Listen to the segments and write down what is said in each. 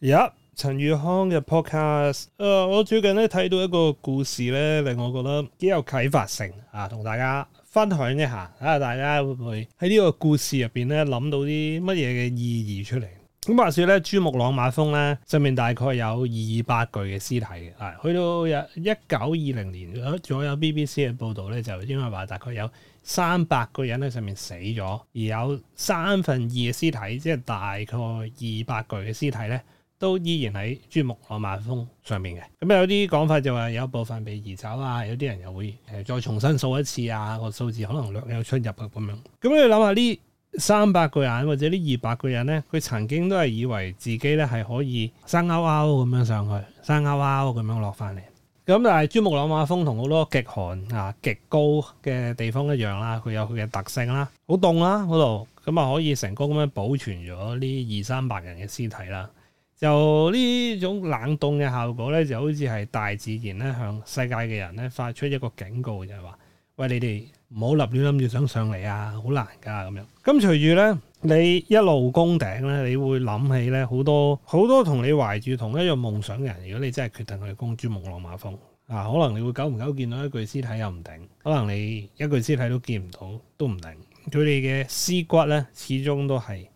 有陳宇康嘅 podcast，誒、呃，我最近咧睇到一個故事咧，令我覺得幾有啟發性啊，同大家分享一下啊，睇下大家會唔會喺呢個故事入邊咧諗到啲乜嘢嘅意義出嚟？咁、啊、話說咧，珠穆朗瑪峰咧上面大概有二百具嘅屍體嘅、啊，去到有一九二零年咗左右 BBC 嘅報道咧，就應該話大概有三百個人喺上面死咗，而有三分二嘅屍體，即係大概二百具嘅屍體咧。都依然喺珠穆朗瑪峰上面嘅，咁有啲講法就話有一部分被移走啊，有啲人又會誒再重新數一次啊，個數字可能略有出入啊。咁樣。咁你諗下呢三百個人或者呢二百個人呢，佢曾經都係以為自己呢係可以生勾勾咁樣上去，生勾勾咁樣落翻嚟。咁但係珠穆朗瑪峰同好多極寒啊、極高嘅地方一樣啦、啊，佢有佢嘅特性啦、啊，好凍啦嗰度，咁啊可以成功咁樣保存咗呢二三百人嘅屍體啦、啊。就呢種冷凍嘅效果咧，就好似係大自然咧向世界嘅人咧發出一個警告，就係話：喂，你哋唔好立亂諗住想上嚟啊！好難㗎咁樣。咁隨住咧，你一路攻頂咧，你會諗起咧好多好多同你懷住同一樣夢想嘅人。如果你真係決定去攻珠穆朗瑪峯啊，可能你會久唔久見到一具屍體又唔定，可能你一具屍體都見唔到都唔定。佢哋嘅屍骨咧，始終都係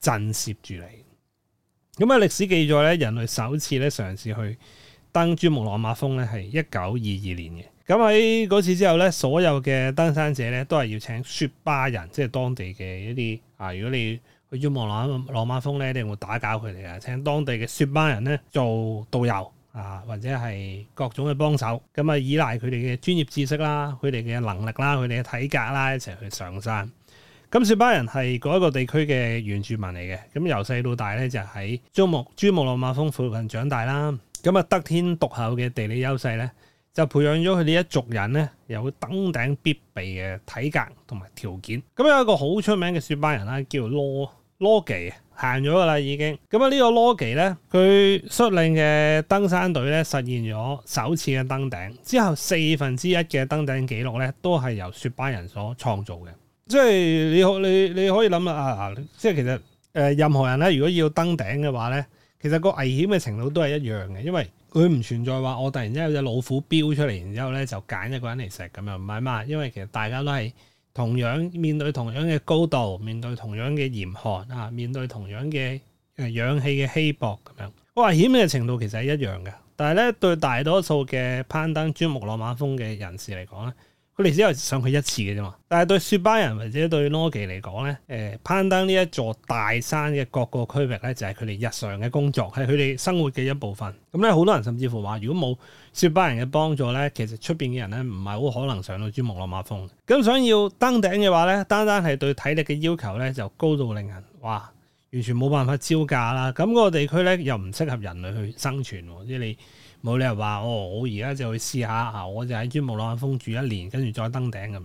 震懾住你。咁喺歷史記載咧，人類首次咧嘗試去登珠穆朗瑪峰咧，係一九二二年嘅。咁喺嗰次之後咧，所有嘅登山者咧都係要請雪巴人，即係當地嘅一啲啊。如果你去珠穆朗朗瑪峰咧，你會打攪佢哋啊，請當地嘅雪巴人咧做導遊啊，或者係各種嘅幫手。咁啊，依賴佢哋嘅專業知識啦，佢哋嘅能力啦，佢哋嘅體格啦，一齊去上山。咁雪巴人係嗰一個地區嘅原住民嚟嘅，咁由細到大咧就喺珠穆珠穆朗瑪峰附近長大啦。咁啊，得天獨厚嘅地理優勢咧，就培養咗佢哋一族人咧有登頂必備嘅體格同埋條件。咁有一個好出名嘅雪巴人啦，叫羅羅基，行咗噶啦已經。咁啊，呢個羅基咧，佢率領嘅登山隊咧實現咗首次嘅登頂，之後四分之一嘅登頂紀錄咧都係由雪巴人所創造嘅。即係你可、你你可以諗下，啊！即係其實誒、呃，任何人咧，如果要登頂嘅話咧，其實個危險嘅程度都係一樣嘅，因為佢唔存在話我突然之間有隻老虎飆出嚟，然之後咧就揀一個人嚟食咁樣，唔係嘛？因為其實大家都係同樣面對同樣嘅高度，面對同樣嘅嚴寒啊，面對同樣嘅誒、呃、氧氣嘅稀薄咁樣，危險嘅程度其實係一樣嘅。但係咧，對大多數嘅攀登珠穆朗瑪峰嘅人士嚟講咧。佢哋只係上去一次嘅啫嘛，但係對雪巴人或者對諾基嚟講咧，誒、呃、攀登呢一座大山嘅各個區域咧，就係佢哋日常嘅工作，係佢哋生活嘅一部分。咁、嗯、咧，好多人甚至乎話，如果冇雪巴人嘅幫助咧，其實出邊嘅人咧，唔係好可能上到珠穆朗瑪峰。咁、嗯、想要登頂嘅話咧，單單係對體力嘅要求咧，就高到令人哇，完全冇辦法招架啦。咁、嗯、嗰、那個地區咧，又唔適合人類去生存，即係你。冇理由話哦，我而家就去試下嚇，我就喺珠穆朗瑪峰住一年，跟住再登頂咁樣。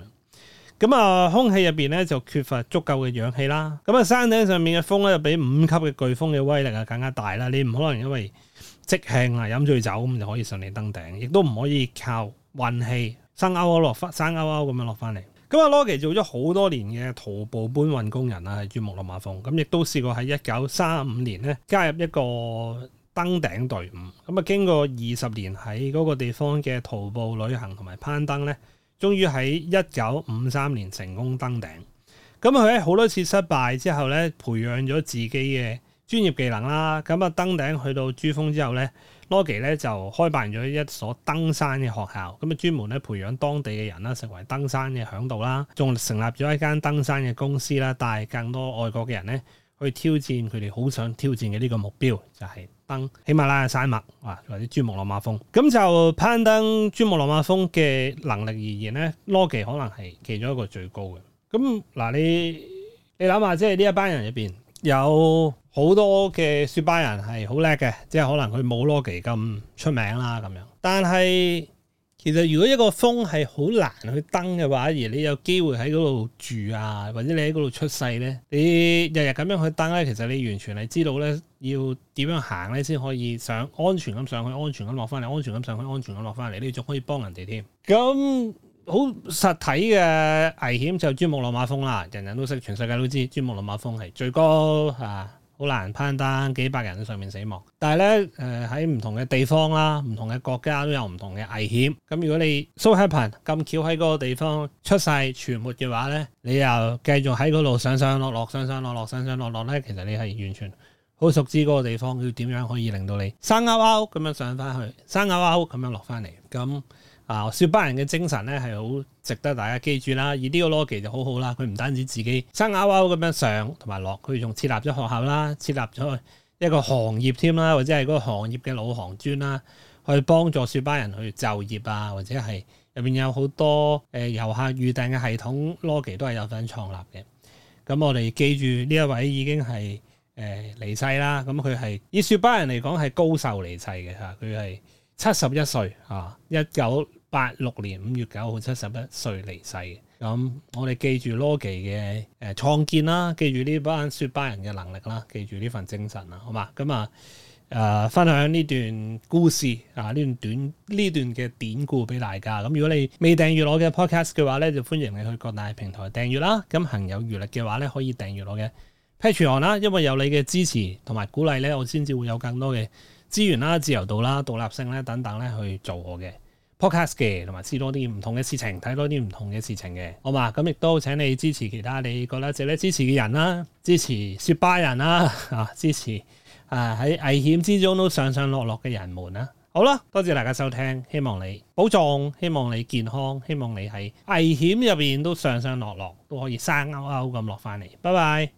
咁啊，空氣入邊咧就缺乏足夠嘅氧氣啦。咁啊，山頂上面嘅風咧就比五級嘅颶風嘅威力啊更加大啦。你唔可能因為即興啊飲醉酒咁就可以順利登頂，亦都唔可以靠運氣生勾勾落翻生勾勾咁樣落翻嚟。咁啊，羅奇做咗好多年嘅徒步搬運工人啊，係珠穆朗瑪峰。咁亦都試過喺一九三五年咧加入一個登頂隊伍咁啊，經過二十年喺嗰個地方嘅徒步旅行同埋攀登咧，終於喺一九五三年成功登頂。咁佢喺好多次失敗之後咧，培養咗自己嘅專業技能啦。咁啊，登頂去到珠峰之後咧，洛奇咧就開辦咗一所登山嘅學校，咁啊專門咧培養當地嘅人啦，成為登山嘅響導啦，仲成立咗一間登山嘅公司啦，帶更多外國嘅人咧。去挑戰佢哋好想挑戰嘅呢個目標，就係登喜馬拉雅山脈，或者珠穆朗瑪峰。咁就攀登珠穆朗瑪峰嘅能力而言咧，Logie 可能係其中一個最高嘅。咁嗱，你你諗下，即係呢一班人入邊有好多嘅雪巴人係好叻嘅，即係可能佢冇 Logie 咁出名啦咁樣，但係。其實如果一個峰係好難去登嘅話，而你有機會喺嗰度住啊，或者你喺嗰度出世咧，你日日咁樣去登咧，其實你完全係知道咧，要點樣行咧，先可以上安全咁上去，安全咁落翻嚟，安全咁上去，安全咁落翻嚟，你仲可以幫人哋添。咁、嗯、好實體嘅危險就珠穆朗瑪峰啦，人人都識，全世界都知，珠穆朗瑪峰係最高啊！好難攀登，幾百人喺上面死亡。但係咧，誒喺唔同嘅地方啦，唔同嘅國家都有唔同嘅危險。咁如果你 so happen 咁巧喺嗰個地方出世全沒嘅話咧，你又繼續喺嗰度上上落落上上落落上上落落咧，其實你係完全好熟知嗰個地方要點樣可以令到你生勾勾咁樣上翻去，生勾勾咁樣落翻嚟咁。啊！雪巴人嘅精神咧係好值得大家記住啦。而呢個 logic 就好好啦，佢唔單止自己生勾勾咁樣上同埋落，佢仲設立咗學校啦，設立咗一個行業添啦，或者係嗰個行業嘅老行專啦，去幫助雪巴人去就業啊，或者係入邊有好多誒、呃、遊客預訂嘅系統 logic 都係有份創立嘅。咁我哋記住呢一位已經係誒、呃、離世啦。咁佢係以雪巴人嚟講係高壽離世嘅嚇，佢係七十一歲嚇、啊，一九，八六年五月九號七十一歲離世。咁我哋記住 Logie 嘅誒創建啦，記住呢班雪巴人嘅能力啦，記住呢份精神啦，好嘛？咁啊誒分享呢段故事啊，呢段短呢段嘅典故俾大家。咁如果你未訂閱我嘅 podcast 嘅話咧，就歡迎你去各大平台訂閱啦。咁行有餘力嘅話咧，可以訂閱我嘅 Patreon 啦。因為有你嘅支持同埋鼓勵咧，我先至會有更多嘅資源啦、自由度啦、獨立性咧等等咧去做我嘅。Podcast 嘅，同埋知多啲唔同嘅事情，睇多啲唔同嘅事情嘅，好嘛？咁亦都請你支持其他你覺得值得支持嘅人啦、啊，支持雪巴人啦、啊，啊，支持啊喺危險之中都上上落落嘅人們啦、啊。好啦，多謝大家收聽，希望你保重，希望你健康，希望你喺危險入邊都上上落落，都可以生勾勾咁落翻嚟。拜拜。